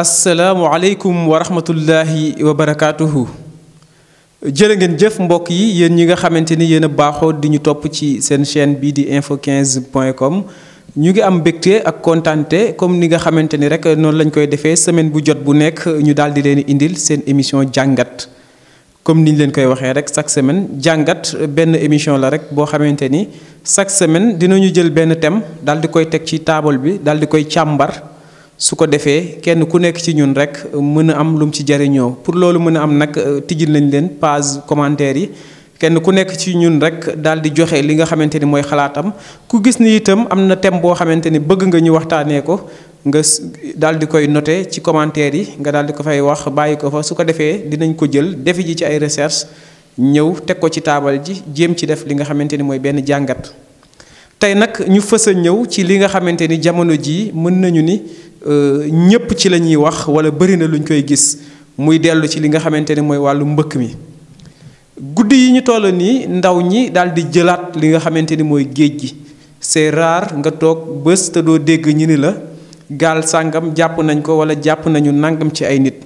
asalaamualeykum wa rahmatullahi wa barakaatuhu. jërë ngeen jëf mbokk yi yéen ñi nga xamante ni yéen baaxoo di ñu topp ci seen chaîne bii di info 15 point com ñu ngi am mbégte ak kontaante comme ni nga xamante ni rek noonu lañ koy defee semaine bu jot bu nekk ñu daal di leen indil seen émission jàngat. comme ni ñu leen koy waxee rek chaque semaine jàngat benn émission la rek boo xamante ni chaque semaine dinañu jël benn thème daal di koy teg ci taabal bi daal di koy càmbar. su ko defee kenn ku nekk ci ñun rek mën a am lum mu ci jariñoo pour loolu mën a am nag euh, tijjil nañ leen page commentaire yi kenn ku nekk ci ñun rek daal di joxe li nga xamante ni mooy xalaatam ku gis ni itam am na thème boo xamante ni bëgg nga ñu waxtaanee ko nga daal di koy noté ci commentaire yi nga daal di ko fay wax bàyyi ko fa su ko defee dinañ ko jël defi ji ci ay recherche ñëw teg ko ci taabal ji jéem ci def li nga xamante ni mooy benn jàngat. tey nag ñu fës a ñëw ci li nga xamante ni jamono jii mën nañu ni Euh, ñëpp ci lañuy wax wala bëri na lu luñ koy gis muy dellu ci li nga xamante ni mooy wàllu mbëkk mi. guddi yi ñu toll nii ndaw ñi daal di jëlaat li nga xamante ni mooy géej gi c'est rare nga toog bés te doo dégg ñu ni la gaal sàngam jàpp nañ ko wala jàpp nañu nangam ci ay nit.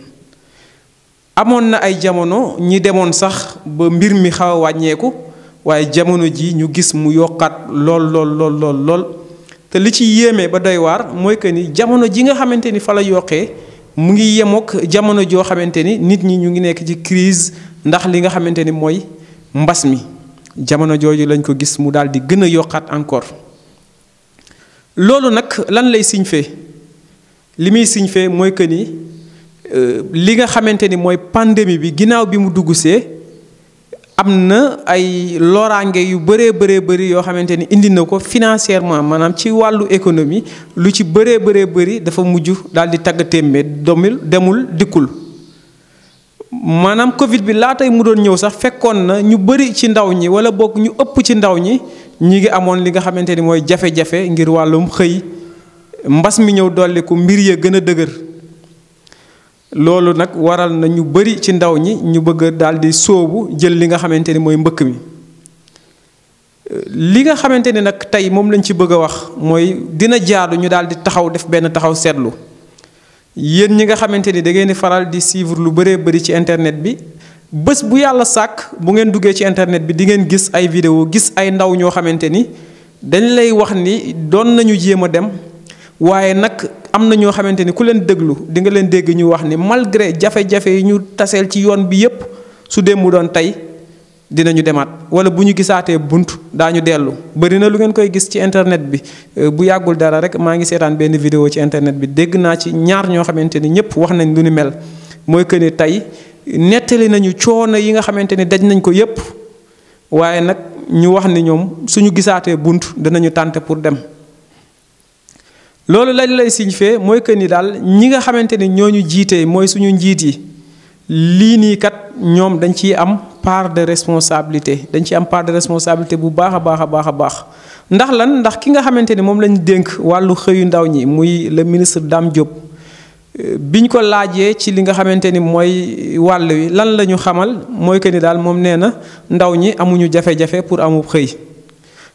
amoon na ay jamono ñi demoon sax ba mbir mi xaw a wàññeeku waaye jamono ji ñu gis mu yokkaat lool lool lool lool lool te li ci yéeme ba doy waar mooy que ni jamono ji nga xamante ni fa la yokkee mu ngi yemook jamono joo xamante ni nit ñi ñu ngi nekk ci crise ndax li nga xamante ni mooy mbas mi jamono jooju lañ ko gis mu daal di gën a yokkaat encore loolu nag lan lay signifier li muy signifier mooy que ni euh, li nga xamante ni mooy pandémie bi ginnaaw bi mu dugg see am na ay loraange yu bëree bëree bëri yoo xamante ni indi na ko financièrement maanaam ci wàllu économie lu ci bëree bëree bëri dafa mujj daal di tagg téeméer domil demul dikkul maanaam Covid bi laa mu doon ñëw sax fekkoon na ñu bëri ci ndaw ñi wala bokk ñu ëpp ci ndaw ñi ñi ngi amoon li nga xamante ni mooy jafe-jafe ngir wàllum xëy mbas mi ñëw dolli ko mbir ya gën a dëgër. loolu nag waral na ñu bari ci ndaw ñi ñu bëgg daal di sóobu jël li nga xamante ni mooy mbëkk mi li nga xamante ni nag tey moom lañ ci bëgg a wax mooy dina jaadu ñu daal di taxaw def benn taxaw seetlu yéen ñi nga xamante ni dangeen di faral di suivre lu bëree bari ci internet bi bés bu yàlla sàkk bu ngeen duggee ci internet bi di ngeen gis ay vidéo gis ay ndaw ñoo xamante ni dañ lay wax ni doon nañu jéem a dem waaye nag am na ñoo xamante ni ku leen déglu di nga leen dégg ñu wax ni malgré jafe-jafe yi ñu taseel ci yoon bi yépp su dem mu doon tey dinañu demaat wala bu ñu gisaatee bunt daañu dellu bëri na lu ngeen koy gis ci internet bi euh, bu yàggul dara rek maa ngi seetaan benn vidéo ci internet bi dégg naa ci ñaar ñoo xamante ni ñëpp wax nañ lu ni mel mooy que ni tey nettali nañu coono yi nga xamante ni daj nañ ko yépp waaye nag ñu wax ni ñoom suñu gisaatee bunt danañu tànte pour dem loolu lañ lay signifier mooy que nii daal ñi nga xamante ni ñoo ñu jiitee mooy suñu njiit yi lii nii kat ñoom dañ ciy am part de responsabilité dañ ciy am part responsabilité bu baax a baax a baax a baax ndax lan ndax ki nga xamante ni moom lañ dénk wàllu xëyu ndaw ñi muy le ministre Dame Diop euh, biñ ko laajee ci li nga xamante ni mooy wàll wi lan la ñu xamal mooy que ni daal moom nee na ndaw ñi amuñu jafe-jafe pour amu xëy.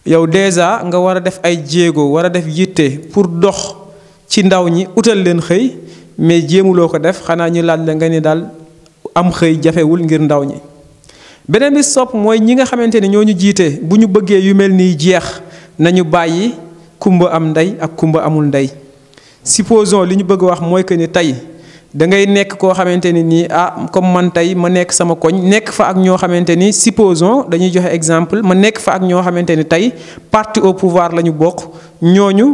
yow déjà nga war a def ay jéego war a def yitte pour dox ci ndaw ñi utal leen xëy mais jéemuloo ko def xanaa ñu laaj la nga ni daal am xëy jafewul ngir ndaw ñi beneen bi sopp mooy ñi nga xamante ni ñoo ñu jiite bu ñu bëggee yu mel nii jeex nañu bàyyi kumba am ndey ak kumba amul ndey supposons li ñu bëgg wax mooy que ni tey da ngay nekk koo xamante ne nii ah comme man tey ma nekk sama koñ nekk fa ak ñoo xamante ni supposons dañuy joxe exemple ma nekk fa ak ñoo xamante ni tey parti au pouvoir la ñu bokk ñooñu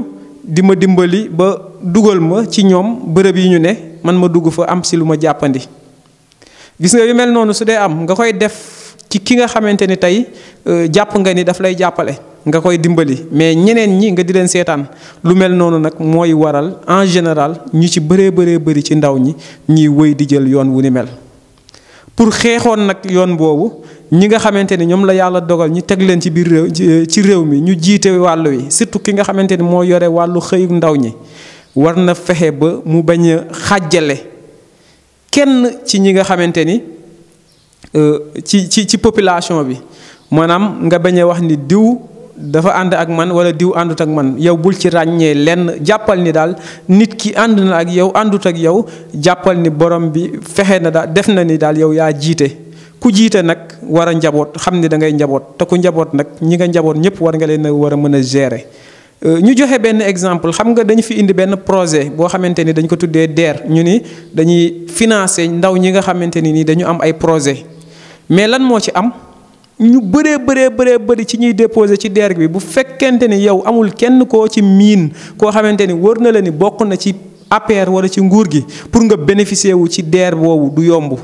di ma dimbali ba dugal ma ci ñoom bërëb yi ñu ne man ma dugg fa am si lu ma jàppandi. gis nga yu mel noonu su dee am nga koy def ci ki nga xamante ni tey euh, jàpp nga ni daf lay jàppale. nga koy dimbali mais ñeneen ñi nga di leen seetaan lu mel noonu nag mooy waral en général ñu ci bëree bëree bëri ci ndaw ñi ñuy wëy di jël yoon wu ni mel. pour xeexoon nag yoon boobu ñi nga xamante ni ñoom la yàlla dogal ñu teg leen ci biir réew ci réew mi ñu jiite wàll wi surtout ki nga xamante ni moo yore wàllu xëyu ndaw ñi war na fexe ba mu bañ a xàjjale kenn ci ñi nga xamante ni euh, ci ci ci population bi maanaam nga bañ a wax ni diw. dafa ànd ak man wala diw àndut ak man yow bul ci ràññee lenn jàppal ni daal nit ki ànd na ak yow àndut ak yow jàppal ni borom bi fexe na daal def na ni daal yow yaa jiite ku jiite nag war a njaboot xam ni da ngay njaboot te ku njaboot nag ñi nga njaboot ñëpp war nga leen a war a mën a gérer. Euh, ñu joxe benn exemple xam nga dañu fi indi benn projet boo xamante ni dañ ko tuddee DER ñu ni dañuy financer ndaw ñi nga xamante ni ni dañu am ay projet mais lan moo ci am. ñu bëree bëree bëree bëri ci ñuy déposé ci DER bi bu fekkente ni yow amul kenn koo ci miin koo xamante ni wër na la ni bokk na ci APR wala ci nguur gi pour nga bénéficier wu ci DER woowu du yomb.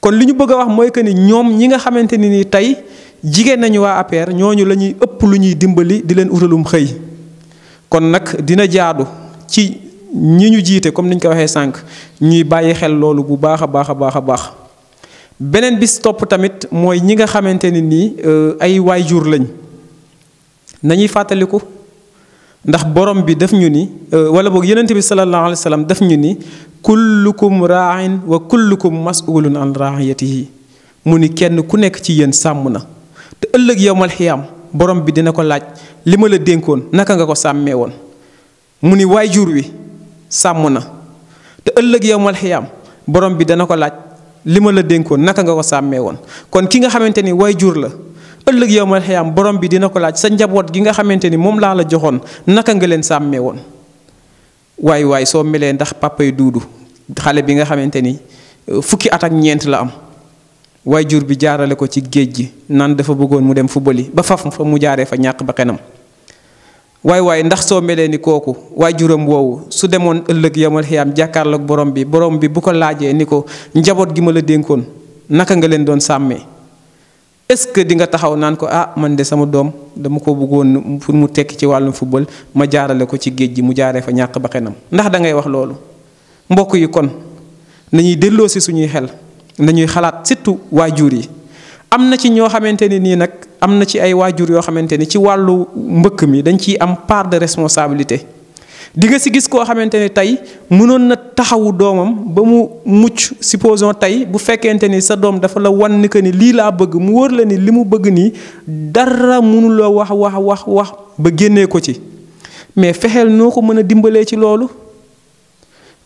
kon li ñu bëgg a wax mooy que ni ñoom ñi nga xamante ni ni tey jigéen nañu waa APR ñooñu la ñuy ëpp lu ñuy dimbali di leen utalum xëy kon nag dina jaadu ci ñi ñu jiite comme ni ñu ko waxee sànq ñuy bàyyi xel loolu bu baax a baax a baax a baax. beneen bis topp tamit mooy ñi nga xamante ne nii euh, ay waajur lañ nañuy fàttaliku ndax borom bi daf ñu ni euh, wala boog yonent bi sallallahu alayhi wa sallam daf ñu ni kullukum raain wa kullukum masulun an mu ni kenn ku nekk ci yéen sàmm na te ëllëg yowmal xiyaam borom bi dina ko laaj li ma la dénkoon naka nga ko sàmmee woon mu ni waajur wi sàmm na te ëllëg yowmal am borom bi dana ko laaj li ma la dénkoon naka nga ko sàmmee woon kon ki nga xamante ni way jur la ëllëg yow ma xëyaam borom bi dina ko laaj sa njaboot gi nga xamante ni moom laa la joxoon naka nga leen sàmmee woon waay waay soo melee ndax papay duudu xale bi nga xamante ni euh, fukki at ak ñeent la am waay jur bi jaarale ko ci géej gi naan dafa bëggoon mu dem football yi ba faf fa mu jaaree fa ñàkk ba xenam waay waay ndax soo melee ni kooku waajuram woowu su demoon ëllëg yamal xiyaam jàkkaarloog borom bi borom bi bu ko laajee ni ko njaboot gi ma la dénkoon naka nga leen doon sàmmee est-ce que di nga taxaw naan ko ah man de sama doom dama ko bëggoon pour mu tekki ci wàllum football ma jaarale ko ci géej gi mu jaaree fa ñàkk ba xenam ndax da ngay wax loolu mbokk yi kon nañuy delloo si suñuy xel nañuy xalaat surtout waajur yi am na ci ñoo xamante ni nii nag. am na ci ay waajur yoo xamante ni ci wàllu mbëkk mi dañ ciy am part de responsabilité di nga si gis koo xamante ni tey mënoon na taxawu doomam ba mu mucc supposons tey bu fekkente ni sa doom dafa la wan ni que ni lii laa bëgg mu wóor la ni li mu bëgg nii dara mënuloo wax wax wax wax ba génnee ko ci mais fexeel noo ko mën a dimbalee ci loolu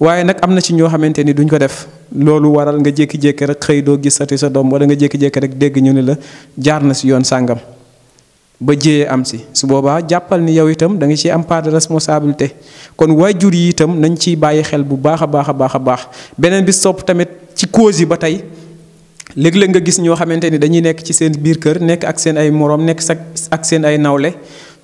waaye nag am na ci ñoo xamante ni duñ ko def. loolu waral nga jékki-jékki rek xëy doo gisati sa doom wala nga jékki-jékki rek dégg ñu ne la jaar na si yoon sàngam ba jéyee am si su boobaa jàppal ni yow itam da nga ciy am part de responsabilité kon waajur yi itam nañ ciy bàyyi xel bu baax a baax a baax a baax beneen bi sopp tamit ci cause yi ba tey léeg-léeg nga gis ñoo xamante ni dañuy nekk ci seen biir kër nekk ak seen ay moroom nekk ak seen ay nawle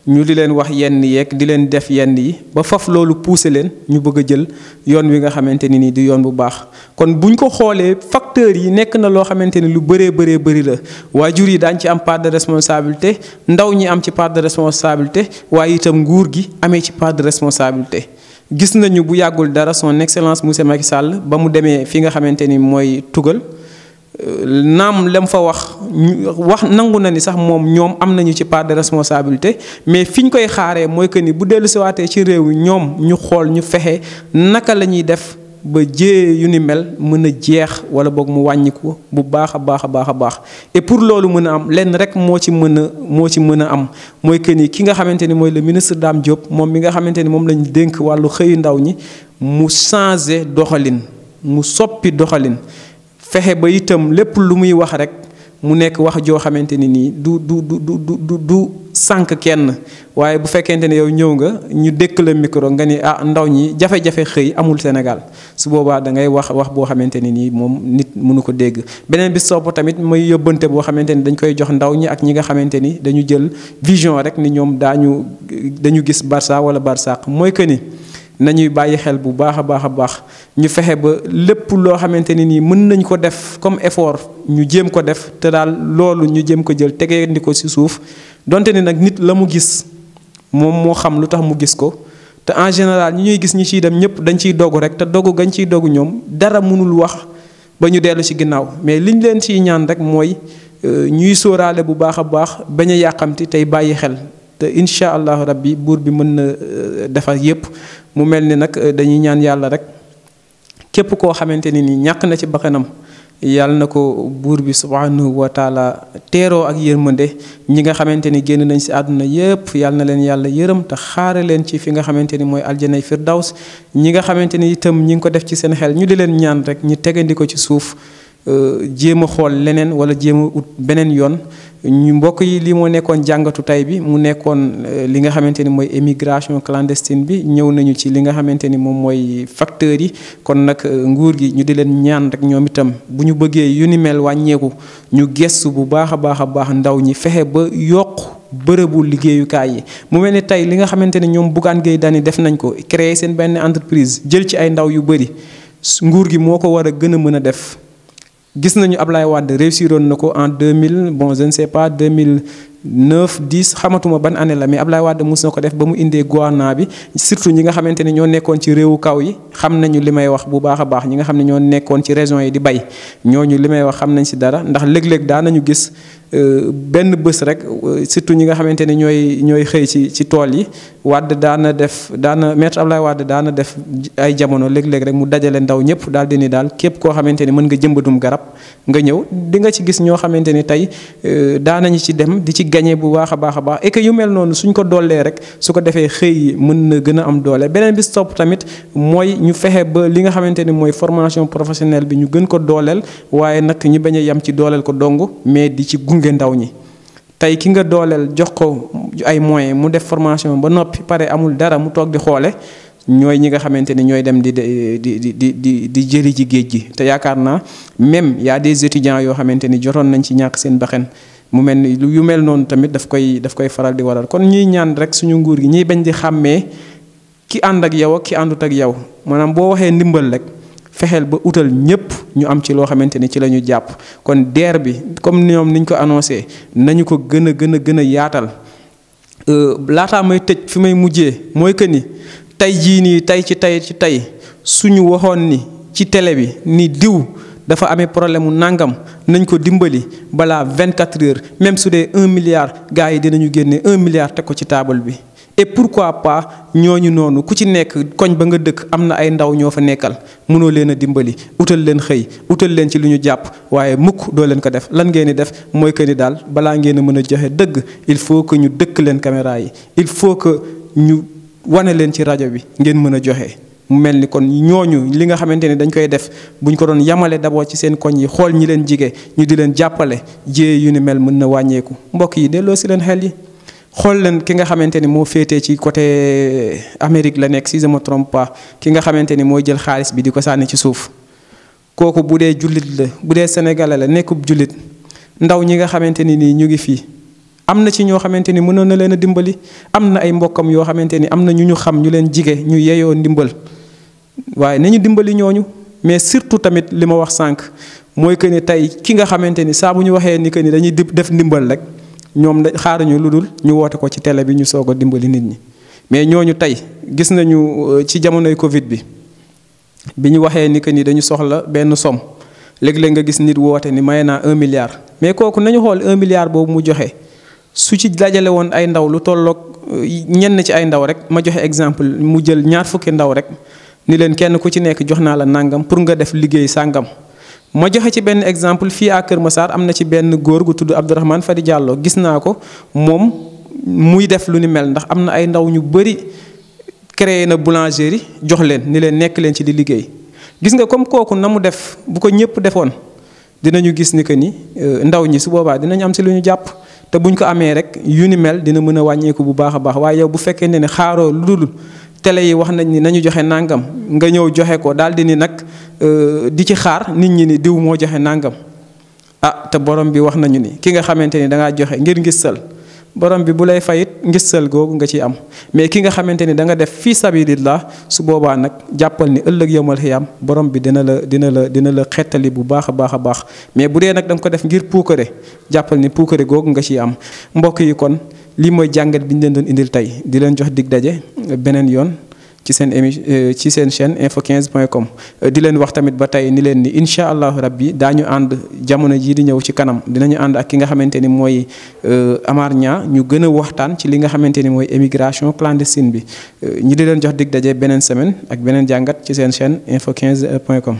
ñu di leen wax yenn yeeg di leen def yenn yi ba faf loolu pousser leen ñu bëgg a jël yoon wi nga xamante ni nii di yoon bu baax kon buñ ko xoolee facteurs yi nekk na loo xamante ni lu bëree bëree bëri la waajur yi daañ ci am part de responsabilité ndaw ñi am ci part de responsabilité waaye itam nguur gi amee ci part de responsabilité gis nañu bu yàggul dara son excellence monsieur Macky sàll ba mu demee fi nga xamante ni mooy tugal naam lem fa wax wax nangu na ni sax moom ñoom am nañu ci part de responsabilité mais fi ñu koy xaaree mooy que ni bu dellu waatee ci réew yi ñoom ñu xool ñu fexe naka la ñuy def ba jiyee yu ni mel mën a jeex wala boog mu wàññiku bu baax a baax a baax a baax et pour loolu mën a am lenn rek moo ci mën a moo ci mën a am mooy que ni ki nga xamante ni mooy le ministre daam Diop moom mi nga xamante ni moom lañu dénk wàllu xëyu ndaw ñi mu changé doxalin mu soppi doxalin fexe ba itam lépp lu muy wax rek mu nekk wax joo xamante ni nii du du du du du sànq kenn waaye bu fekkente ne yow ñëw nga ñu dëkk la micro nga ni ah ndaw ñi jafe-jafe xëy amul Sénégal su boobaa da ngay wax wax boo xamante ni nii moom nit mënu ko dégg. beneen bi sopp tamit mooy yóbbante boo xamante ni dañ koy jox ndaw ñi ak ñi nga xamante ni dañu jël vision rek ni ñoom daañu dañu gis Barça wala Barsaq mooy que ni. nañuy bàyyi xel bu baax a baax a baax ñu fexe ba lépp loo xamante ne nii mën nañ ko def comme effort ñu jéem ko def te daal loolu ñu jëm ko jël tegeendi ko ci suuf donte ni nag nit la mu gis moom moo xam lu tax mu gis ko te en général ñi ñuy gis ñi ciy dem ñëpp dañ ciy dogu rek te dogu gañ ciy dogu ñoom dara mënul wax ba ñu dellu ci ginnaaw mais liñ leen ciy ñaan rek mooy euh, ñuy sóoraale bu baax a baax bañ a yàqamti tey bàyyi xel te incha allahu rabbi buur bi mën na euh, defar yépp mu mel ni nag eh, dañuy ñaan yàlla rek képp koo xamante ni nii ñàkk na ci bakkanam yàlla na ko buur bi subhanahu wa taala teeroo ak yërmande ñi nga xamante ni génn nañ si àdduna yépp yàlla na leen yàlla yërëm te xaare leen ci fi nga xamante ni mooy aljanay firdaws ñi nga xamante ni itam ñi ngi ko def ci seen xel ñu di leen ñaan rek ñu tegandi ko ci suuf eh, jéem a xool leneen wala jéem a ut beneen yoon ñu mbokk yi lii moo nekkoon jàngatu tey bi mu nekkoon euh, li nga xamante ni mooy émigration clandestine bi ñëw nañu ci li nga xamante ni moom mooy facteurs yi kon nag euh, nguur gi ñu di leen ñaan rek ñoom itam bu ñu bëggee yu ni mel wàññeeku ñu gestu bu baax a baax a baax ndaw ñi fexe ba yokk bërëbu liggéeyukaay yi mu mel ni tey li nga xamante ni ñoom Bougane Gueye Dany def nañ ko créer seen benn entreprise jël ci ay ndaw yu bëri nguur gi moo ko war a gën a mën a def gis nañu ab Ablaye Wade réussiroon na ko en 2000 bon je ne sais pas 2009 10 xamatuma ban année mais mais Ablaye Wade mus na ko def ba mu indee gouvernement bi surtout ñi nga xamante ne ñoo nekkoon ci réewu kaw yi xam nañu li may wax bu baax a baax ñi nga xam ne ñoo nekkoon ci régions yi di bay ñooñu li may wax xam nañ si dara ndax léeg-léeg nañu gis Euh, benn bés rek euh, surtout ñi nga xamante ne ñooy ñooy xëy ci ci tool yi wadd daana def daana maître Abdoulaye Wade daana def ay jamono léeg-léeg rek mu dajale ndaw ñëpp daal di ni daal képp koo xamante ni mën nga jëmbatum garab nga ñëw di nga ci gis ñoo xamante ni tey euh, daanañu ci dem di ci gañe bu baax a baax a baax et que yu mel noonu suñ ko doolee rek su ko defee xëy yi mën na gën a am doole beneen bis topp tamit mooy ñu fexe ba li nga xamante ni mooy formation professionnelle bi ñu gën ko dooleel waaye nag ñu bañ a yem ci dooleel ko dong gunge ndaw ñi tey ki nga dooleel jox ko ay moyens mu def formation ba noppi pare amul dara mu toog di xoole ñooy ñi nga xamante ni ñooy dem di di di di di jëri ci géej gi te yaakaar naa même y a des étudiants yoo xamante ni jotoon nañ ci ñàkk seen baxen mu mel ni yu mel noonu tamit daf koy daf koy faral di waral kon ñuy ñaan rek suñu nguur gi ñuy bañ di xàmmee ki ànd ak yow ak ki àndut ak yow maanaam boo waxee ndimbal rek. fexeel ba utal ñëpp ñu am ci loo xamante ni ci lañuy jàpp kon DER bi comme ñoom niñ ko annoncé nañu ko gën a gën a gën a yaatal euh, laataa may tëj fi may mujjee mooy que ni tey jii nii tey ci tey ci tey suñu waxoon ni ci tele bi ni diw dafa amee problème mu nàngam nañ ko dimbali balaa 24 heures même su dee un milliard gars yi dinañu génne un milliard teg ko ci taabal bi. et pourquoi pas ñooñu noonu ku ci nekk koñ ba nga dëkk am na ay ndaw ñoo fa nekkal mënoo leen a dimbali utal leen xëy utal leen ci lu ñu jàpp waaye mukk doo leen ko def lan ngeen di def mooy que ni daal balaa a mën a joxe dëgg il faut que ñu dëkk leen caméra yi il faut que ñu wane leen ci rajo bi ngeen mën a joxe. mel ni kon ñooñu li nga xamante ni dañ koy def bu ñu ko doon yamale d'abord ci seen koñ yi xool ñi leen jige ñu di leen jàppale jiyee yu ni mel mën na wàññeeku mbokk yi delloo si leen xel yi. xool leen ki nga xamante ni moo féetee ci côté Amérique la nekk si je me ki nga xamante ni mooy jël xaalis bi di ko sànni ci suuf kooku bu dee jullit la bu dee sénégalais la nekkub jullit ndaw ñi nga xamante ni nii ñu ngi fii am na ci ñoo xamante ni mënoon na leen a dimbali am na ay mbokkam yoo xamante ni am na ñu ñu xam ñu leen jige ñu yeyoo ndimbal waaye nañu dimbali ñooñu mais surtout tamit li ma wax sànq mooy que ni tey ki nga xamante ni saa bu ñu waxee ni que ni dañuy def ndimbal rek. ñoom da xaaruñu lu dul ñu woote ko ci tele bi ñu soog a dimbali nit ñi mais ñooñu tey gis nañu euh, ci jamonoy Covid bi bi ñu waxee ni que ni dañu soxla benn somme léegi léeg nga gis nit woote ni may naa un milliard mais kooku nañu xool un milliard boobu mu joxe su ci dajale woon ay ndaw lu tollook euh, ñenn ci ay ndaw rek ma joxe exemple mu jël ñaar fukki ndaw rek ni leen kenn ku ci nekk jox naa la nàngam pour nga def liggéey sàngam. ma joxe ci benn exemple fii à Kër Massar am na ci benn góor gu tudd Abdourahmane Fadi Diallo gis naa ko moom muy def lu ni mel ndax am na ay ndaw ñu bëri créer na boulangerie jox leen ni leen nekk leen ci di liggéey gis nga comme kooku na mu def bu ko ñëpp defoon dinañu gis ni que ni euh, ndaw ñi su boobaa dinañu am si lu ñu jàpp te buñ ko amee rek yu ni mel dina mën a wàññeeku bu baax a baax waaye yow bu fekkee ne ne xaaroo lu dul télé yi wax nañ ni nañu joxe nangam nga ñëw joxe ko daal di ni nag euh, di ci xaar nit ñi ni diw moo joxe nangam ah te borom bi wax nañu ni ki nga xamante ni da ngaa joxe ngir ngistal borom bi bu lay fayit ngistal googu nga ciy am mais ki nga xamante ni da nga def fii sabilillah su boobaa nag jàppal ni ëllëg yomal am borom bi dina la dina la dina la xettali bu baax a baax a baax mais bu dee nag da nga ko def ngir puukare jàppal ni puukare googu nga ciy am mbokk yi kon lii mooy jàngat bi leen doon indil tey di leen jox dig daje. beneen yoon ci seen émi euh, ci seen chaîne info 15 point com euh, di leen wax tamit ba tey ni leen ni incha allahu rabbi daañu ànd jamono jii di ñëw ci kanam dinañu ànd ak ki nga xamante ni mooy euh, Amar Niang ñu gën a waxtaan ci li nga xamante ni mooy émigration clandestine bi ñi di leen jox dig daje beneen semaine ak beneen jàngat ci seen chaîne info 15 point com.